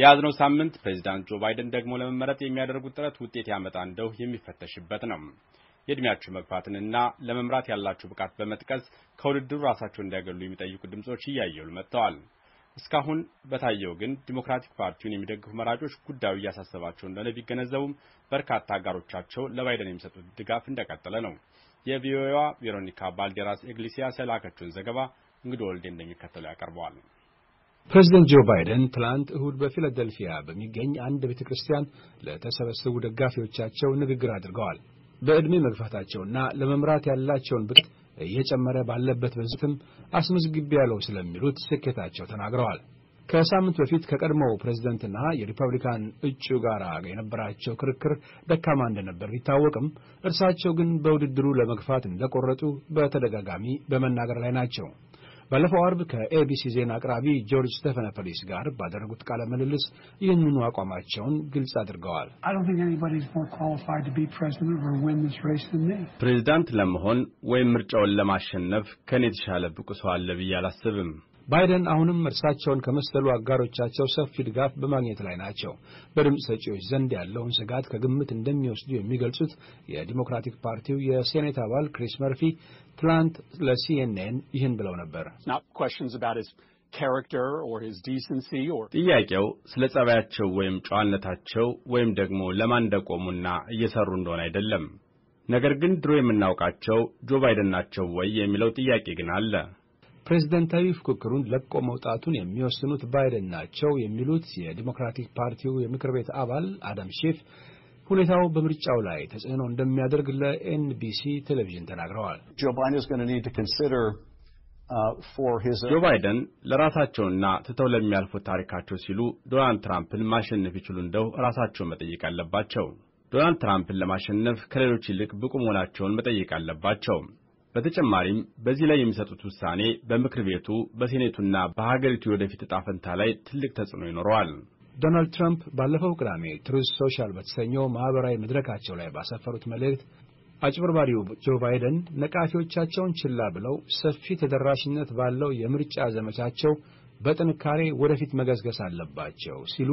የያዝነው ሳምንት ፕሬዚዳንት ጆ ባይደን ደግሞ ለመመረጥ የሚያደርጉት ጥረት ውጤት ያመጣ እንደው የሚፈተሽበት ነው። የእድሜያችሁ መግፋትንና ለመምራት ያላችሁ ብቃት በመጥቀስ ከውድድሩ ራሳቸው እንዲያገሉ የሚጠይቁ ድምፆች እያየሉ መጥተዋል። እስካሁን በታየው ግን ዲሞክራቲክ ፓርቲውን የሚደግፉ መራጮች ጉዳዩ እያሳሰባቸው እንደሆነ ቢገነዘቡም በርካታ አጋሮቻቸው ለባይደን የሚሰጡት ድጋፍ እንደቀጠለ ነው። የቪኦኤዋ ቬሮኒካ ባልዴራስ ኤግሊሲያስ የላከችውን ዘገባ እንግዶ ወልዴ እንደሚከተለው ያቀርበዋል። ፕሬዚደንት ጆ ባይደን ትላንት እሁድ በፊላደልፊያ በሚገኝ አንድ ቤተ ክርስቲያን ለተሰበሰቡ ደጋፊዎቻቸው ንግግር አድርገዋል። በዕድሜ መግፋታቸውና ለመምራት ያላቸውን ብቃት እየጨመረ ባለበት በዝትም አስመዝግቤ ያለው ስለሚሉት ስኬታቸው ተናግረዋል። ከሳምንት በፊት ከቀድሞው ፕሬዚደንትና የሪፐብሊካን እጩ ጋር የነበራቸው ክርክር ደካማ እንደነበር ቢታወቅም እርሳቸው ግን በውድድሩ ለመግፋት እንደቆረጡ በተደጋጋሚ በመናገር ላይ ናቸው። ባለፈው አርብ ከኤቢሲ ዜና አቅራቢ ጆርጅ ስቴፈነፐሊስ ጋር ባደረጉት ቃለ ምልልስ ይህንኑ አቋማቸውን ግልጽ አድርገዋል። ፕሬዚዳንት ለመሆን ወይም ምርጫውን ለማሸነፍ ከእኔ የተሻለ ብቁ ሰው አለ ብዬ አላስብም። ባይደን አሁንም እርሳቸውን ከመሰሉ አጋሮቻቸው ሰፊ ድጋፍ በማግኘት ላይ ናቸው። በድምፅ ሰጪዎች ዘንድ ያለውን ስጋት ከግምት እንደሚወስዱ የሚገልጹት የዲሞክራቲክ ፓርቲው የሴኔት አባል ክሪስ መርፊ ትላንት ለሲኤንኤን ይህን ብለው ነበር። ጥያቄው ስለ ጸባያቸው ወይም ጨዋነታቸው ወይም ደግሞ ለማን እንደቆሙና እየሰሩ እንደሆነ አይደለም። ነገር ግን ድሮ የምናውቃቸው ጆ ባይደን ናቸው ወይ የሚለው ጥያቄ ግን አለ። ፕሬዝደንታዊ ፉክክሩን ለቆ መውጣቱን የሚወስኑት ባይደን ናቸው የሚሉት የዲሞክራቲክ ፓርቲው የምክር ቤት አባል አዳም ሼፍ ሁኔታው በምርጫው ላይ ተጽዕኖ እንደሚያደርግ ለኤንቢሲ ቴሌቪዥን ተናግረዋል። ጆ ባይደን uh, ለራሳቸውና ትተው ለሚያልፉት ታሪካቸው ሲሉ ዶናልድ ትራምፕን ማሸነፍ ይችሉ እንደው ራሳቸው መጠየቅ አለባቸው። ዶናልድ ትራምፕን ለማሸነፍ ከሌሎች ይልቅ ብቁ መሆናቸውን መጠየቅ አለባቸው። በተጨማሪም በዚህ ላይ የሚሰጡት ውሳኔ በምክር ቤቱ በሴኔቱና በሀገሪቱ የወደፊት ዕጣ ፈንታ ላይ ትልቅ ተጽዕኖ ይኖረዋል። ዶናልድ ትራምፕ ባለፈው ቅዳሜ ትሩዝ ሶሻል በተሰኘው ማኅበራዊ መድረካቸው ላይ ባሰፈሩት መልእክት አጭበርባሪው ጆ ባይደን ነቃፊዎቻቸውን ችላ ብለው ሰፊ ተደራሽነት ባለው የምርጫ ዘመቻቸው በጥንካሬ ወደፊት መገስገስ አለባቸው ሲሉ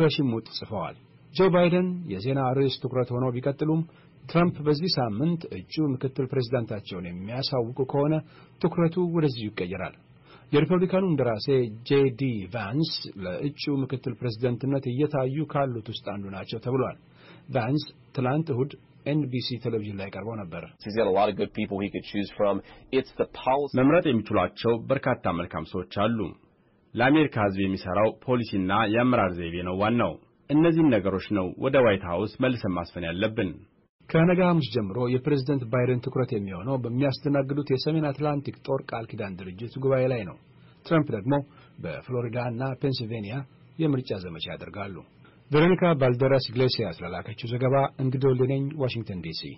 በሽሙጥ ጽፈዋል። ጆ ባይደን የዜና ርዕስ ትኩረት ሆነው ቢቀጥሉም ትራምፕ በዚህ ሳምንት እጩ ምክትል ፕሬዝዳንታቸውን የሚያሳውቁ ከሆነ ትኩረቱ ወደዚሁ ይቀየራል። የሪፐብሊካኑ እንደራሴ ጄዲ ቫንስ ለእጩ ምክትል ፕሬዝደንትነት እየታዩ ካሉት ውስጥ አንዱ ናቸው ተብሏል። ቫንስ ትላንት እሁድ ኤንቢሲ ቴሌቪዥን ላይ ቀርበው ነበር። መምረጥ የሚችሏቸው በርካታ መልካም ሰዎች አሉ። ለአሜሪካ ሕዝብ የሚሠራው ፖሊሲና የአመራር ዘይቤ ነው ዋናው። እነዚህን ነገሮች ነው ወደ ዋይት ሀውስ መልሰን ማስፈን ያለብን። ከነገ ሐሙስ ጀምሮ የፕሬዝደንት ባይደን ትኩረት የሚሆነው በሚያስተናግዱት የሰሜን አትላንቲክ ጦር ቃል ኪዳን ድርጅት ጉባኤ ላይ ነው። ትራምፕ ደግሞ በፍሎሪዳ እና ፔንሲልቬኒያ የምርጫ ዘመቻ ያደርጋሉ። ቬሮኒካ ባልደራስ ኢግሌሲያስ ለላከችው ዘገባ እንግዶ ልነኝ ዋሽንግተን ዲሲ